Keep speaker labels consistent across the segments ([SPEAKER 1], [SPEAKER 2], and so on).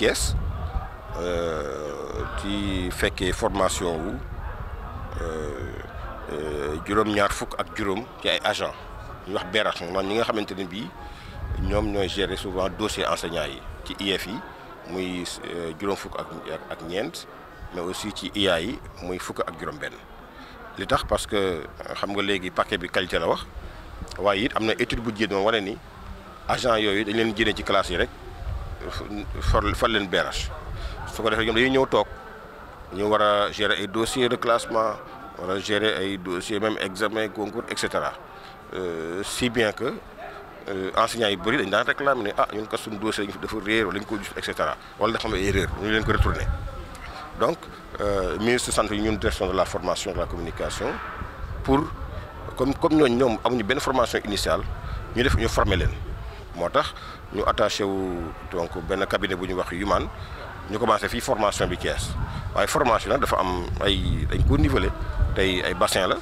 [SPEAKER 1] Thiès ci euh, fekkee formation wu euh, euh, juróom-ñaar fukk ak juróom ci ay agents ñu wax BERAC man ñi nga xamante ne bii ñoom ñooy gérer souvent dossier enseignants yi ci IEF yi muy juróom fukk ak ak ñeent mais aussi ci IA yi muy fukk ak juróom-benn li tax parce que xam nga léegi paquet bi qualité la wax waaye it am na étude bu jéem a wane ni agent yooyu dañ leen jëlee ci classe yi rek. for far leen beerage su ko defee ñoom dañuy ñëw toog ñu war a gérer ay dossiers reclassement war a gérer ay dossiers même examen concours et cetera euh, si bien que euh, enseignants yi bëri dañ daan réclamer ne ah ñun kat suñu dossier lañ dafa réer wala ñu ko juf et cetera wala dafa am ay réer ñu leen ko retourné donc euh, ministre santé yi ñun direction de la formation de la communication pour comme comme ñooñu ñoom amuñu benn formation initiale ñu def ñu former leen. moo tax ñu attaché wu donc benn cabinet bu ñu wax Yuman ñu commencé fii formation bi Thiès waaye formation nag dafa am ay dañ ko niveler tey ay bassin la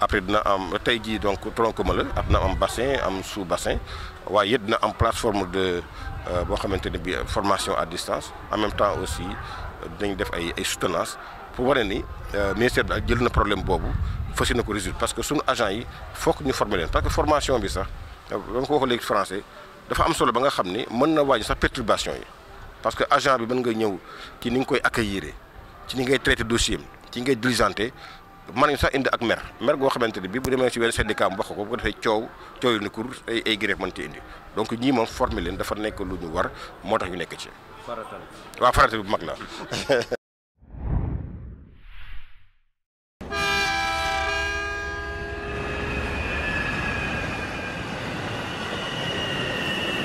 [SPEAKER 1] après dina am tey jii donc tronc commun la ab na am bassin am sous bassin waaye yëpp dina am plateforme de euh, boo xamante ne bi formation à distance en même temps aussi dinañ def ay ay soutenance pour wane ni euh, ministère bi ak jël na problème boobu fas na ko résoudre parce que suñu agent yi fokk ñu former leen parce formation bi sax dama ko wax léegi français dafa am solo ba nga xam ni mën na wàññi sax perturbation yi parce que agent bi mën nga ñëw ci ni nga koy accueillir ci ni ngay traité dossier am ci ngay diligenté mën nañu sax indi ak mer mer goo xamante ne bii bu demee ci benn syndicat mu wax ko bu ko defee coow coow yu ni kur ay ay grève mën ci indi donc ñii moom formé leen dafa nekk lu ñu war moo tax ñu nekk ci. farata waaw farata bi bu mag la.